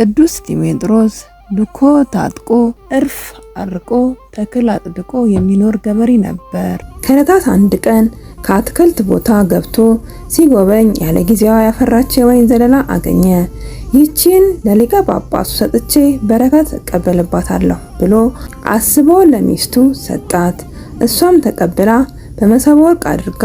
ቅዱስ ዲሜጥሮስ ልኮ ታጥቆ እርፍ አርቆ ተክል አጥድቆ የሚኖር ገበሬ ነበር። ከዕለታት አንድ ቀን ከአትክልት ቦታ ገብቶ ሲጎበኝ ያለ ጊዜዋ ያፈራች የወይን ዘለላ አገኘ። ይቺን ለሊቀ ጳጳሱ ሰጥቼ በረከት እቀበልባታለሁ ብሎ አስቦ ለሚስቱ ሰጣት። እሷም ተቀብላ በመሰብ ወርቅ አድርጋ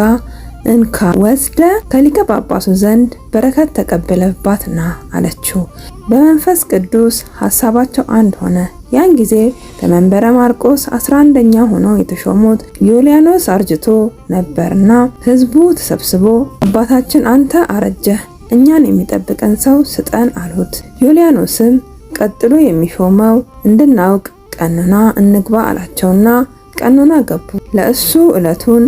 እንካ ወስደ ከሊቀ ጳጳሱ ዘንድ በረከት ተቀብለባትና አለችው። በመንፈስ ቅዱስ ሀሳባቸው አንድ ሆነ። ያን ጊዜ ከመንበረ ማርቆስ 11ኛ ሆኖ የተሾሙት ዮልያኖስ አርጅቶ ነበርና ህዝቡ ተሰብስቦ አባታችን አንተ አረጀህ፣ እኛን የሚጠብቀን ሰው ስጠን አሉት። ዮልያኖስም ቀጥሎ የሚሾመው እንድናውቅ ቀኖና እንግባ አላቸውና ቀኖና ገቡ። ለእሱ ዕለቱን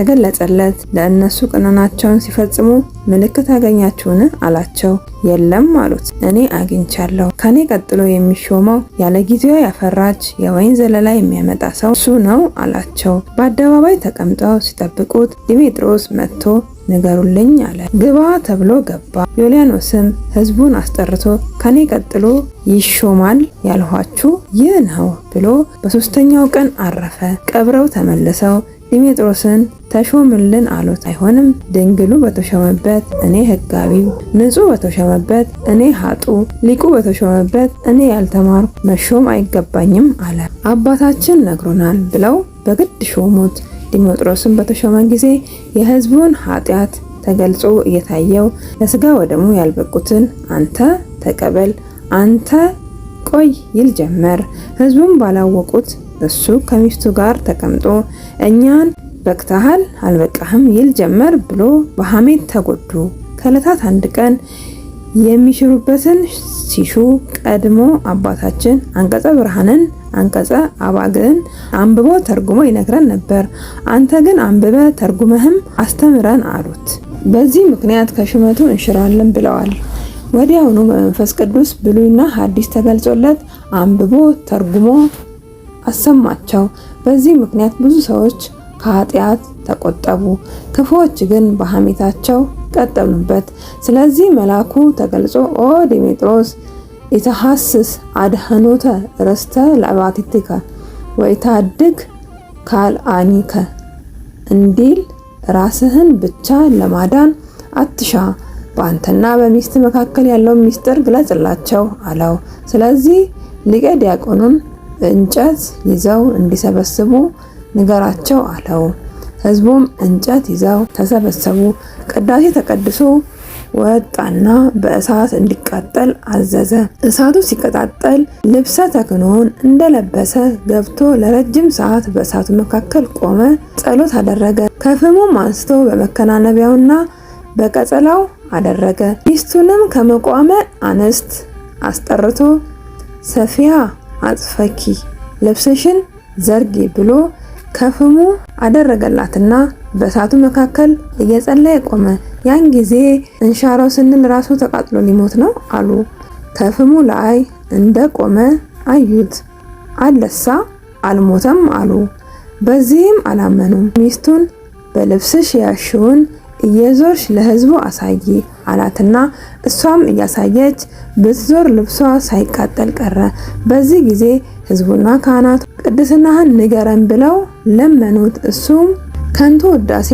ተገለጸለት። ለእነሱ ቅንናቸውን ሲፈጽሙ ምልክት አገኛችሁን አላቸው። የለም አሉት። እኔ አግኝቻለሁ። ከኔ ቀጥሎ የሚሾመው ያለ ጊዜዋ ያፈራች የወይን ዘለላ የሚያመጣ ሰው እሱ ነው አላቸው። በአደባባይ ተቀምጠው ሲጠብቁት ዲሜጥሮስ መጥቶ ንገሩልኝ አለ። ግባ ተብሎ ገባ። ዮልያኖስም ህዝቡን አስጠርቶ ከኔ ቀጥሎ ይሾማል ያልኋችሁ ይህ ነው ብሎ በሶስተኛው ቀን አረፈ። ቀብረው ተመልሰው ዲሜጥሮስን ተሾምልን አሉት። አይሆንም፣ ድንግሉ በተሾመበት እኔ ህጋቢው ንጹሕ በተሾመበት እኔ ሀጡ ሊቁ በተሾመበት እኔ ያልተማርኩ መሾም አይገባኝም አለ። አባታችን ነግሮናል ብለው በግድ ሾሙት። ዲሜጥሮስን በተሾመ ጊዜ የህዝቡን ኃጢአት ተገልጾ እየታየው ለስጋ ወደሙ ያልበቁትን አንተ ተቀበል፣ አንተ ቆይ ይል ጀመር። ህዝቡም ባላወቁት እሱ ከሚስቱ ጋር ተቀምጦ እኛን በቅተሃል አልበቃህም ይል ጀመር ብሎ በሐሜት ተጎዱ። ከለታት አንድ ቀን የሚሽሩበትን ሲሹ ቀድሞ አባታችን አንቀጸ ብርሃንን አንቀጸ አባግዕን አንብቦ ተርጉሞ ይነግረን ነበር። አንተ ግን አንብበ ተርጉመህም አስተምረን አሉት። በዚህ ምክንያት ከሹመቱ እንሽራለን ብለዋል። ወዲያውኑ በመንፈስ ቅዱስ ብሉይና ሐዲስ ተገልጾለት አንብቦ ተርጉሞ አሰማቸው። በዚህ ምክንያት ብዙ ሰዎች ከኃጢአት ተቆጠቡ፣ ክፉዎች ግን በሐሜታቸው ቀጠሉበት። ስለዚህ መልአኩ ተገልጾ ኦ ዲሜጥሮስ ኢተሐስስ አድህኖተ ረስተ ለአባቲትከ ወይታድግ ካልአኒከ እንዲል ራስህን ብቻ ለማዳን አትሻ በአንተና በሚስት መካከል ያለው ሚስጥር ግለጽላቸው አለው። ስለዚህ ሊቀ ዲያቆኑን እንጨት ይዘው እንዲሰበስቡ ንገራቸው አለው። ሕዝቡም እንጨት ይዘው ተሰበሰቡ። ቅዳሴ ተቀድሶ ወጣና በእሳት እንዲቃጠል አዘዘ። እሳቱ ሲቀጣጠል ልብሰ ተክኖን እንደለበሰ ገብቶ ለረጅም ሰዓት በእሳቱ መካከል ቆመ፣ ጸሎት አደረገ። ከፍሙም አንስቶ በመከናነቢያውና በቀጸላው አደረገ። ሚስቱንም ከመቋመ አንስት አስጠርቶ ሰፊያ አጽፈኪ ልብስሽን ዘርጊ ብሎ ከፍሙ አደረገላትና በእሳቱ መካከል እየጸለየ ቆመ። ያን ጊዜ እንሻረው ስንል ራሱ ተቃጥሎ ሊሞት ነው አሉ። ከፍሙ ላይ እንደ ቆመ አዩት። አለሳ አልሞተም አሉ። በዚህም አላመኑም። ሚስቱን በልብስሽ ያሽውን እየዞርሽ ለህዝቡ አሳይ አላትና እሷም እያሳየች ብትዞር ልብሷ ሳይቃጠል ቀረ። በዚህ ጊዜ ህዝቡና ካህናቱ ቅድስናህን ንገረን ብለው ለመኑት። እሱም ከንቱ ውዳሴ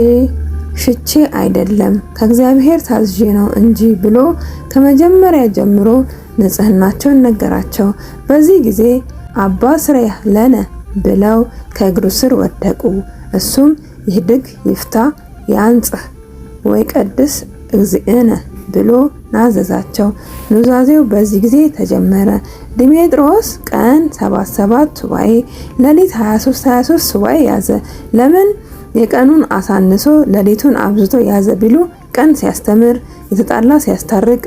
ሽቼ አይደለም ከእግዚአብሔር ታዝዤ ነው እንጂ ብሎ ከመጀመሪያ ጀምሮ ንጽህናቸውን ነገራቸው። በዚህ ጊዜ አባ ስረያ ለነ ብለው ከእግሩ ስር ወደቁ። እሱም ይህድግ ይፍታ ያንጽህ ወይ ቀድስ እግዚእነ ብሎ ናዘዛቸው። ኑዛዜው በዚህ ጊዜ ተጀመረ። ዲሜጥሮስ ቀን 77 ሱባኤ፣ ሌሊት 23 23 ሱባኤ ያዘ። ለምን የቀኑን አሳንሶ ሌሊቱን አብዝቶ ያዘ ቢሉ ቀን ሲያስተምር፣ የተጣላ ሲያስታርቅ፣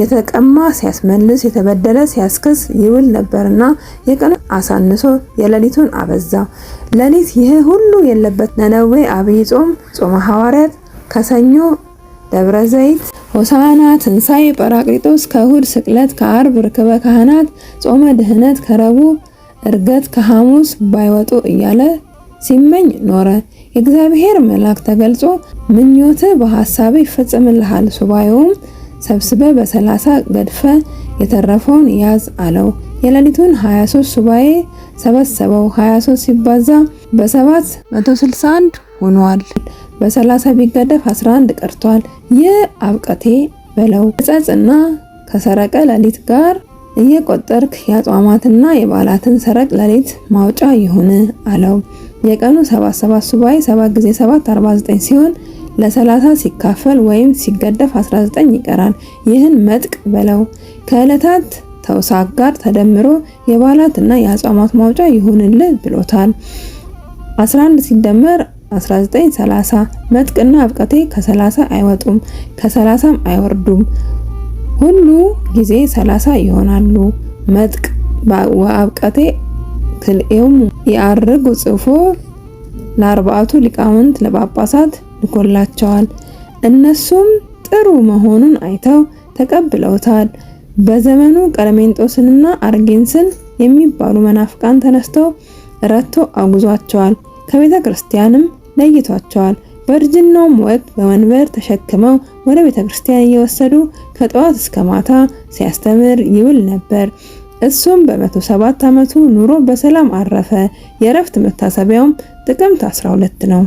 የተቀማ ሲያስመልስ፣ የተበደለ ሲያስክስ ይውል ነበርና የቀኑን አሳንሶ የሌሊቱን አበዛ! ሌሊት ይህ ሁሉ የለበት ነነዌ አብይ ጾም ጾመ ሐዋርያት ከሰኞ ደብረ ዘይት ሆሳና፣ ትንሳኤ ጰራቅሊጦስ፣ ከእሁድ ስቅለት፣ ከአርብ ርክበ ካህናት፣ ጾመ ድህነት፣ ከረቡዕ እርገት ከሐሙስ ባይወጡ እያለ ሲመኝ ኖረ። የእግዚአብሔር መልአክ ተገልጾ ምኞት በሐሳብህ ይፈጸምልሃል፣ ሱባኤውም ሰብስበ በሰላሳ ገድፈ የተረፈውን ያዝ አለው። የሌሊቱን 23 ሱባኤ ሰበሰበው። 23 ሲባዛ በ761 ሆኗል። በ30 ቢገደፍ 11 ቀርቷል። ይህ አብቀቴ በለው ከጸጽና ከሰረቀ ሌሊት ጋር እየቆጠርክ የአጽዋማትና የበዓላትን ሰረቅ ሌሊት ማውጫ ይሁን አለው። የቀኑ 77 ሱባኤ 7 ጊዜ 7 49 ሲሆን ለ30 ሲካፈል ወይም ሲገደፍ 19 ይቀራል። ይህን መጥቅ በለው። ከዕለታት ተውሳክ ጋር ተደምሮ እና የአጽዋማት ማውጫ ይሁንልህ ብሎታል። 11 ሲደመር 19 30። መጥቅና አብቀቴ ከ30 አይወጡም፣ ከ30ም አይወርዱም። ሁሉ ጊዜ 30 ይሆናሉ። መጥቅ ወአብቀቴ ክልኤውም የአርግ ጽፎ ለአርባዕቱ ሊቃውንት ለጳጳሳት ልኮላቸዋል። እነሱም ጥሩ መሆኑን አይተው ተቀብለውታል። በዘመኑ ቀለሜንጦስንና አርጌንስን የሚባሉ መናፍቃን ተነስተው ረቶ አጉዟቸዋል። ከቤተ ክርስቲያንም ለይቷቸዋል። በእርጅናውም ወቅት በመንበር ተሸክመው ወደ ቤተ ክርስቲያን እየወሰዱ ከጠዋት እስከ ማታ ሲያስተምር ይውል ነበር። እሱም በመቶ 107 ዓመቱ ኑሮ በሰላም አረፈ። የእረፍት መታሰቢያውም ጥቅምት 12 ነው።